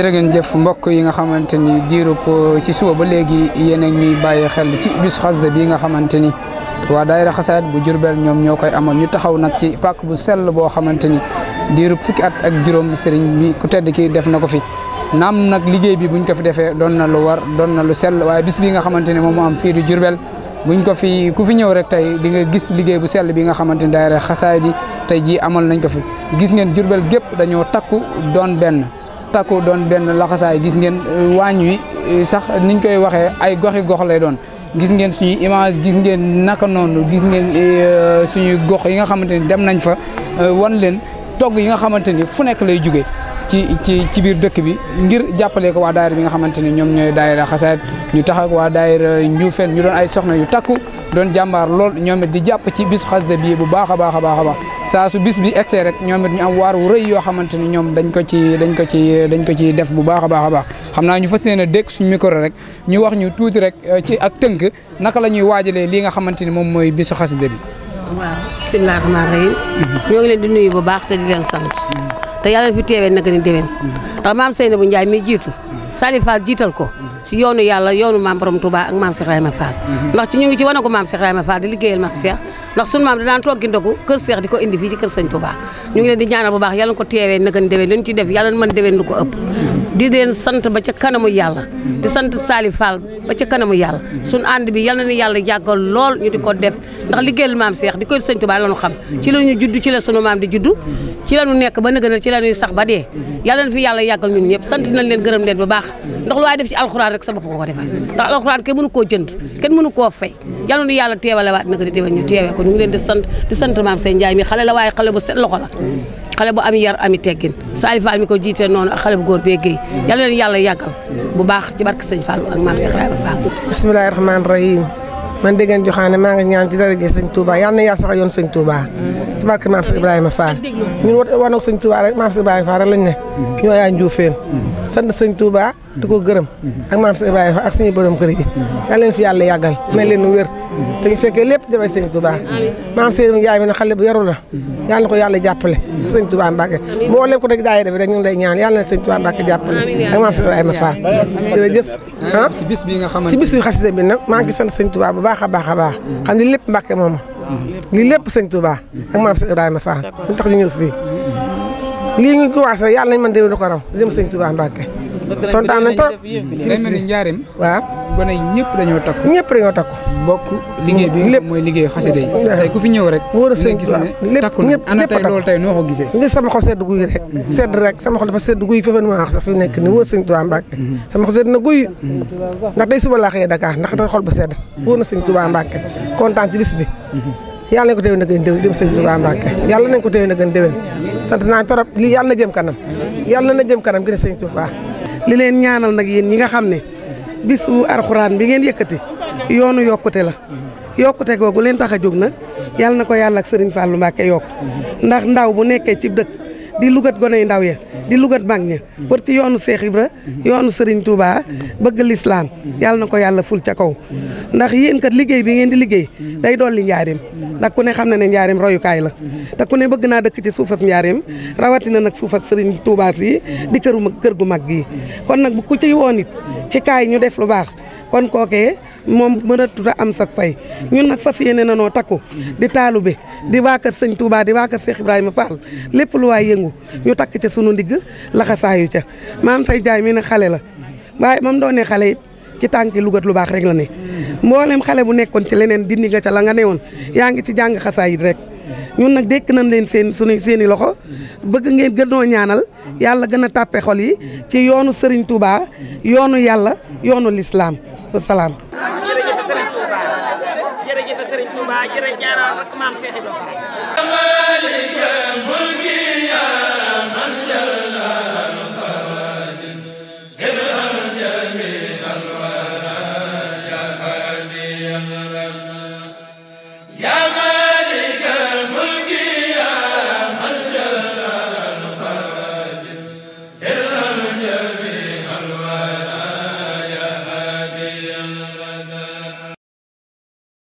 jërë ngeen jëf mbokk yi nga xamante ni diirub ci suba ba léegi yéen a ngi bàyyi xel ci bis xasida bi nga xamante ni waa daayira xasaayid bu Jurbel ñoom ñoo koy amoon ñu taxaw nag ci pàkk bu sell boo xamante ni diirub fukki at ak juróom sëriñ bi ku tedd ki def na ko fi naam nag liggéey bi buñ ko fi defee doon na lu war doon na lu sell waaye bis bi nga xamante ni moom moo am fii di Jurbel buñ ko fi ku fi ñëw rek tey di nga gis liggéey bu sell bi nga xamante ni daayira xasaayid yi tey jii amal nañ ko fi gis ngeen Jurbel gépp dañoo takku doon benn takku doon benn laxasaay gis ngeen euh, waañ wi euh, sax niñ koy waxee ay goxi gox lay doon gis ngeen suñu image gis ngeen naka noonu gis ngeen euh, suñu gox yi nga xamante ni dem nañ fa wan leen togg yi nga xamante ni fu nekk lay jóge ci ci ci biir dëkk bi ngir jàppale ko waa daayira bi nga xamante ni ñoom ñooy daayira xasaayit ñu tax ak waa daayira Njuufeen ñu doon ay soxna yu takku doon jàmbaar lool ñoom it di jàpp ci bisu xasida bi bu baax a a baax a baax saa su bis bi egsee rek ñoom it ñu am waar wu rëy yoo xamante ni ñoom dañ ko ci dañ ko ci dañ ko ci def bu baax a baax a baax xam naa ñu fas yéene dégg suñu micro rek ñu wax ñu tuuti rek euh, ci ak tënk naka la ñuy waajalee lii nga xamante ni moom mooy bisu xasida bi waaw bismilaahi rahmaani rahiim ñoo ngi leen di nuyu bu baax te di leen sant te yàlla fi teewee naka ni déwén ndax maam Seynabou Ndiaye mi jiitu Sali jiital ko si yoonu yàlla yoonu maam borom Touba ak maam Cheikh Rahima Fall ndax ci ñu ngi ci wane ko maam Cheikh Rahima Fall di liggéeyal maam Cheikh ndax sunu maam danaan toggi ndogu kër Cheikh di ko indi fii ci kër Sëñ Touba ñu ngi leen di ñaanal bu baax yàlla ko teewee naka ni déwén li ñu ci def yàlla mën déwén ko ëpp di leen sant ba ca kanamu yàlla di sant Sali Fall ca kanamu yàlla suñu ànd bi yalla na yàlla yàggal lool ñu di ko def ndax liggéeyal maam Seex di ko sëñ Tuubaa la ñu xam ci la ñu judd ci la sunu maam di juddu ci la nekk ba nëgënal ci la ñuy sax ba dee yàlla na fi yàlla yàggal ñun ñëpp sant nañ leen gërëm leen ba baax ndax loo waay def ci alxuraan rek sa bopp nga ko defal ndax alxuraan kenn mënu koo jënd kenn mënu koo fay yal na ni yàlla teewale waat naka di teewal ñu teewee ko ñu ngi leen di sant di sant maam Sey Njaay mi xale la waaye xale b set loxo la xale bu am yar ami teggin Salif Fall ko jiite noonu ak xale bu góor bee géey yàlla leen yàlla yàggal bu baax ci barke sëñ Fall ak maam Cheikh Ibrahima Fall bismillahi rahmaani rahim man déggeen joxaane maa ngi ñaan ci daraje sëñ Touba yal na yàlla sax yoon sëñ Touba ci barke maam Cheikh Ibrahima Fall ñun war nag sëñ Touba rek maam Cheikh Ibrahima Fall rek ne ñoo yaa njuufeen sant sëñ Touba di ko gërëm ak maam Cheikh Ibrahima Fall ak suñu borom kër yi yal leen fi yàlla te ñu fekkee lépp dafay sëñ Touba maam Seydou Ndiaye mi ne xale bu yaru la yàlla ko yàlla jàppale sëñ Touba Mbacke moo leen ko dëgg daayira bi rek ñu ngi ñaan yàlla na sëñ Touba Mbacke jàppale ak maam Seydou Ayma Fall jërëjëf ah ci bis bi xasida bi nag maa ngi sant sëñ bu baax a baax a baax xam lépp Mbacke moom lii lépp sëñ Touba ak maam Seydou Ibrahima Fall ñu tax ñu ñëw fii lii ñu ko waas yàlla nañ mën déwén ko raw dem sëñ Touba Mbacke kontaan nañ trop. gis nañ njaarim. waaw gone yi ñëpp dañoo takku. ñëpp dañoo takku. bokk bi lépp mooy liggéey xasida yi. ku fi ñëw rek. wóor a sëñ gis ne takku na ana tey loolu tey noo ko gisee. ngi sama xol sedd guy rek. Mm-hmm. sedd rek sama xol dafa sedd guy fefeen ma wax sax fi nekk ni wóor sëñ Tuubaa Mbàkke. Mm-hmm. sama xol sedd na guy. Mm-hmm. ndax day suba laa xëyee Dakar ndax da xol bu sedd. wóor na sëñ Tuubaa Mbàkke kontaan ci bis bi. yàlla nañ ko téye na gën déwén dem sëñ Tuubaa Mbàkke yàlla nañ ko téye na gën déwén sant naa torop lii na jëm kanam yàlla na jëm kanam gën a sëñ li leen ñaanal nag yéen ñi nga xam ne bisu arxuraan bi ngeen yëkkati yoonu yokkute la yokkute googu leen tax a jóg nag yàlla na ko yàlla ak sëriñ Fallou Mbacke yokk ndax ndaw bu nekkee ci dëkk di gone goney ndaw ya di lugat mag ña war ci yoonu Cheikh ra yoonu sëriñ Touba bëgg lislaam yàlla na ko yàlla ful ca kaw ndax yéen kat liggéey bi ngeen di liggéey day dolli njaarim ndax ku ne xam na ne njaareem royukaay la te ku ne bëgg naa dëkk ci suufas njaareem rawatina nag suufas sëriñ Tuubaa yi di këru kër gu mag gi kon nag bu ku ci woon it ci kaay ñu def lu baax kon kookee moom mënatut a am sak fay ñun nag fas yéene na noo takku di taalu taalube di waa kër sëñ Touba di waa kër Cheikh Ibrahima Fall lépp lu waay yëngu ñu takk ca sunu ndigg laxasaayu ca maam say jaay mi ne xale la waaye moom doonee xale it ci tànki lugat lu baax rek la mboolem xale bu nekkoon ci leneen dindi nga ca la nga woon yaa ngi ci jàng xasaayit rek ñun nag dékk nañ leen seen suñu seeni loxo bëgg ngeen gënoo ñaanal yàlla gën a tàppe xol yi ci yoonu sëriñ Touba yoonu yàlla yoonu lislaam wasalaam. jërëjëf Serigne Touba jërëjëf